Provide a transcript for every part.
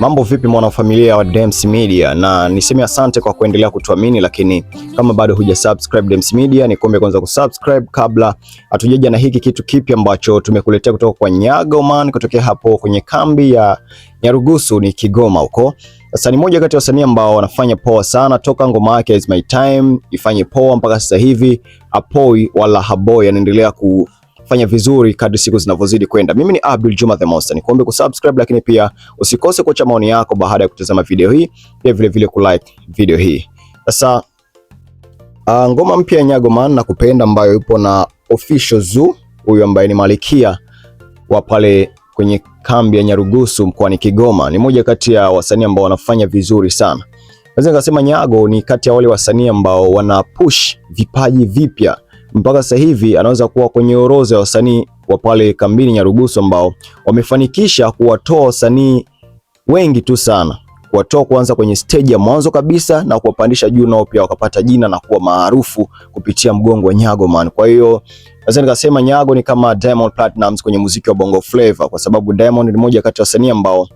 Mambo vipi mwanafamilia wa Dems Media, na niseme asante kwa kuendelea kutuamini, lakini kama bado huja subscribe Dems Media, ni kuombe kwanza kusubscribe kabla hatujaja na hiki kitu kipya ambacho tumekuletea kutoka kwa Nyaga Man, kutokea hapo kwenye kambi ya Nyarugusu ni Kigoma huko. Sasa ni moja kati ya wasanii ambao wanafanya poa sana toka ngoma yake Is My Time ifanye poa mpaka sasa hivi, apoi wala haboi anaendelea ku fanya vizuri kadri siku zinavyozidi kwenda. Mimi ni Abdul Juma the Monster, nikuombe kusubscribe, lakini pia usikose kuacha maoni yako baada ya kutazama video hii, pia vile vile kulike video hii. Sasa uh, ngoma mpya ya Nyago Man na kupenda ambayo ipo na Official Zoo, huyu ambaye ni malikia wa pale kwenye kambi ya Nyarugusu mkoani Kigoma, ni moja kati ya wasanii ambao wanafanya vizuri sana. Naweza nikasema Nyago ni kati ya wale wasanii ambao wana push vipaji vipya mpaka sasa hivi anaweza kuwa kwenye orodha ya wasanii wa pale kambini Nyarugusu ambao wamefanikisha kuwatoa wasanii wengi tu sana, kuwatoa kwanza kwenye stage ya mwanzo kabisa na kuwapandisha juu, nao pia wakapata jina na kuwa maarufu kupitia mgongo wa Nyago Man. Kwa hiyo naweza nikasema Nyago ni kama Diamond Platnumz kwenye muziki wa Bongo Flava, kwa sababu Diamond ni moja kati ya wasanii ambao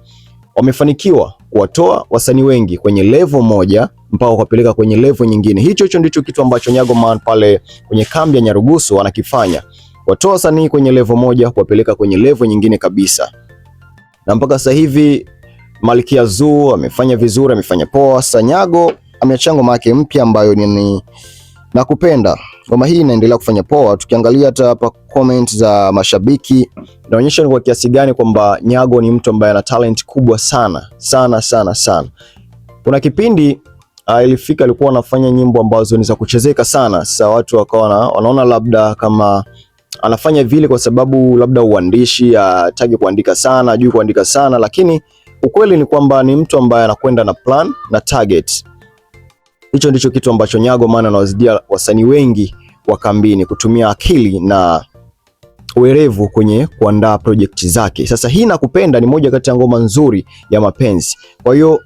wamefanikiwa kuwatoa wasanii wengi kwenye level moja mpaka kuwapeleka kwenye level nyingine. Hicho hicho ndicho kitu ambacho Man pale kwenye kambi ya Nyarugusu anakifanya, kuwatoa wasanii kwenye level moja kuwapeleka kwenye level nyingine kabisa, na mpaka sasa hivi Malkia Zuu amefanya vizuri, amefanya poa. Sanyago amechanga make mpya ambayo ni nakupenda Ngoma hii inaendelea kufanya poa. Tukiangalia hata hapa comment za mashabiki inaonyesha ni kwa kiasi gani kwamba Nyago ni mtu ambaye ana talent kubwa sana sana sana sana. Kuna kipindi uh, ilifika alikuwa anafanya nyimbo ambazo ni za kuchezeka sana. Sasa watu wakaona wanaona labda kama anafanya vile kwa sababu labda uandishi ataki uh, kuandika sana, ajui kuandika sana, lakini ukweli ni kwamba ni mtu ambaye anakwenda na plan na target. Hicho ndicho kitu ambacho Nyago maana anawazidia wasanii wengi wa kambini, kutumia akili na werevu kwenye kuandaa projekti zake. Sasa hii nakupenda ni moja kati ya ngoma nzuri ya mapenzi. Kwa hiyo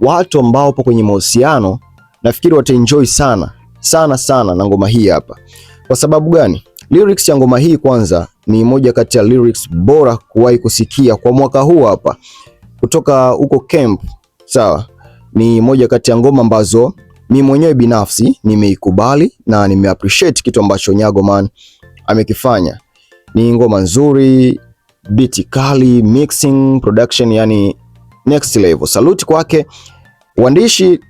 watu ambao wapo kwenye mahusiano nafikiri wataenjoy sana sana sana na ngoma hii hapa. Kwa sababu gani? Lyrics ya ngoma hii kwanza ni moja kati ya lyrics bora kuwahi kusikia kwa mwaka huu hapa kutoka huko camp. Sawa, ni moja kati ya ngoma ambazo mi mwenyewe binafsi nimeikubali na nimeappreciate kitu ambacho Nyago Man amekifanya. Ni ngoma nzuri, beat kali, mixing, production, yani next level. Salute kwake. Uandishi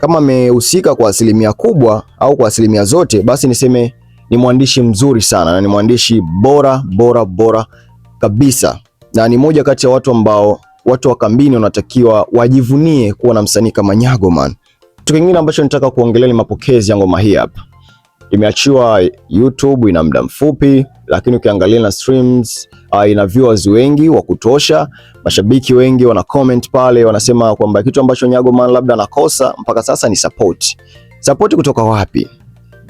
kama amehusika kwa asilimia kubwa au kwa asilimia zote, basi niseme ni mwandishi mzuri sana na ni mwandishi bora bora bora kabisa, na ni moja kati ya watu ambao watu wa kambini wanatakiwa wajivunie kuwa na msanii kama Nyago Man. Kitu kingine ambacho nitaka kuongelea ni mapokezi ya ngoma hii hapa. Imeachiwa YouTube, ina muda mfupi, lakini ukiangalia na streams uh, ina viewers wengi wa kutosha. Mashabiki wengi wana comment pale, wanasema kwamba kitu ambacho Nyago Man labda anakosa mpaka sasa ni support. Support kutoka wapi?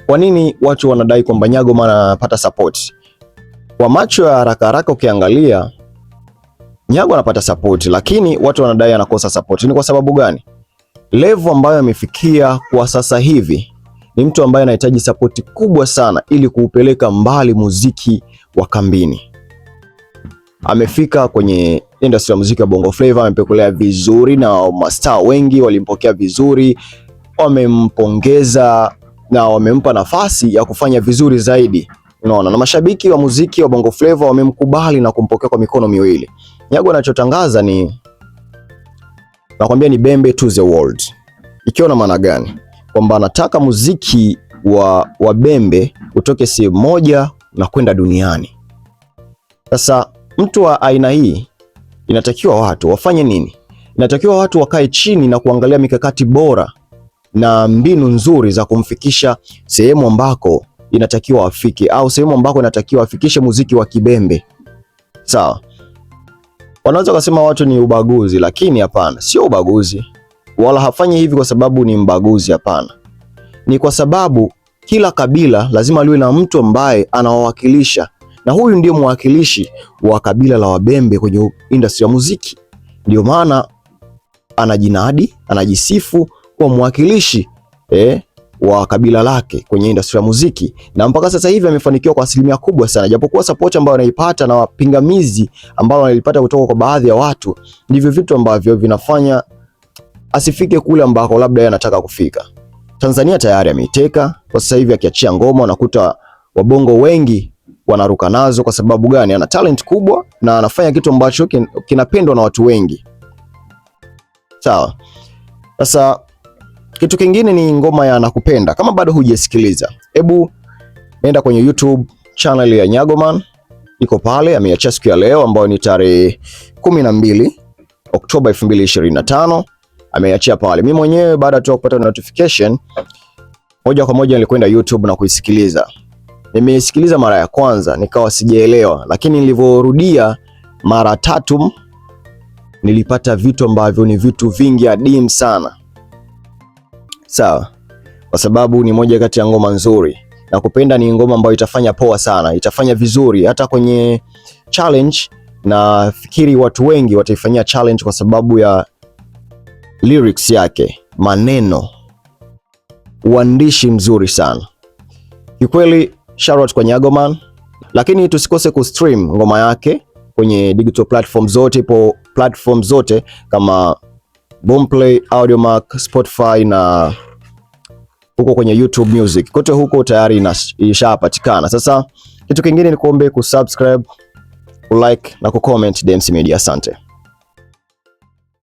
Kwa nini watu wanadai kwamba Nyago Man anapata support? Kwa macho ya haraka haraka ukiangalia Nyago anapata support, lakini watu wanadai anakosa support. Ni kwa sababu gani? Levo ambayo amefikia kwa sasa hivi ni mtu ambaye anahitaji sapoti kubwa sana ili kuupeleka mbali muziki wa kambini. Amefika kwenye industry ya muziki wa Bongo Flava, amepekelea vizuri na mastaa wengi walimpokea vizuri, wamempongeza na wamempa nafasi ya kufanya vizuri zaidi. Unaona, na mashabiki wa muziki wa Bongo Flava wamemkubali na kumpokea kwa mikono miwili. Nyago anachotangaza ni nakwambia ni Bembe to the world. Ikiwa na maana gani? Kwamba nataka muziki wa, wa Bembe utoke sehemu moja na kwenda duniani. Sasa mtu wa aina hii inatakiwa watu wafanye nini? Inatakiwa watu wakae chini na kuangalia mikakati bora na mbinu nzuri za kumfikisha sehemu ambako inatakiwa afike au sehemu ambako inatakiwa afikishe muziki wa Kibembe. Sawa. Wanaweza kusema watu ni ubaguzi, lakini hapana, sio ubaguzi, wala hafanyi hivi kwa sababu ni mbaguzi. Hapana, ni kwa sababu kila kabila lazima liwe na mtu ambaye anawawakilisha, na huyu ndiyo mwakilishi wa kabila la Wabembe kwenye industry ya muziki. Ndio maana anajinadi, anajisifu kwa mwakilishi eh, wa kabila lake kwenye industry ya muziki, na mpaka sasa hivi amefanikiwa kwa asilimia kubwa sana, japokuwa support ambayo anaipata na wapingamizi ambao analipata kutoka kwa baadhi ya watu, ndivyo vitu ambavyo vinafanya asifike kule ambako labda yeye anataka kufika. Tanzania tayari ameiteka kwa sasa hivi, akiachia ngoma anakuta wabongo wengi wanaruka nazo. Kwa sababu gani? Ana talent kubwa na anafanya kitu ambacho kinapendwa na watu wengi, sawa. Sasa kitu kingine ni ngoma ya nakupenda. Kama bado hujasikiliza, hebu nenda kwenye YouTube channel ya Nyagoman, iko pale, ameacha siku ya leo ambayo ni tarehe 12 Oktoba 2025 ameachia pale. Mimi mwenyewe baada tu kupata notification moja kwa moja nilikwenda YouTube na kuisikiliza. Nimeisikiliza mara ya kwanza nikawa sijaelewa, lakini nilivyorudia mara tatu nilipata vitu ambavyo ni vitu vingi adimu sana sawa, kwa sababu ni moja kati ya ngoma nzuri na kupenda ni ngoma ambayo itafanya poa sana, itafanya vizuri hata kwenye challenge. Na fikiri watu wengi wataifanyia challenge kwa sababu ya lyrics yake, maneno, uandishi mzuri sana kikweli. Shout kwa Nyagoman, lakini tusikose kustream ngoma yake kwenye digital platform zote, ipo platform zote kama Boomplay, Audiomack, Spotify na huko kwenye YouTube Music. Kote huko tayari ishapatikana. Sasa kitu kingine ni kuombe kusubscribe, ulike na kucomment Dems Media. Asante.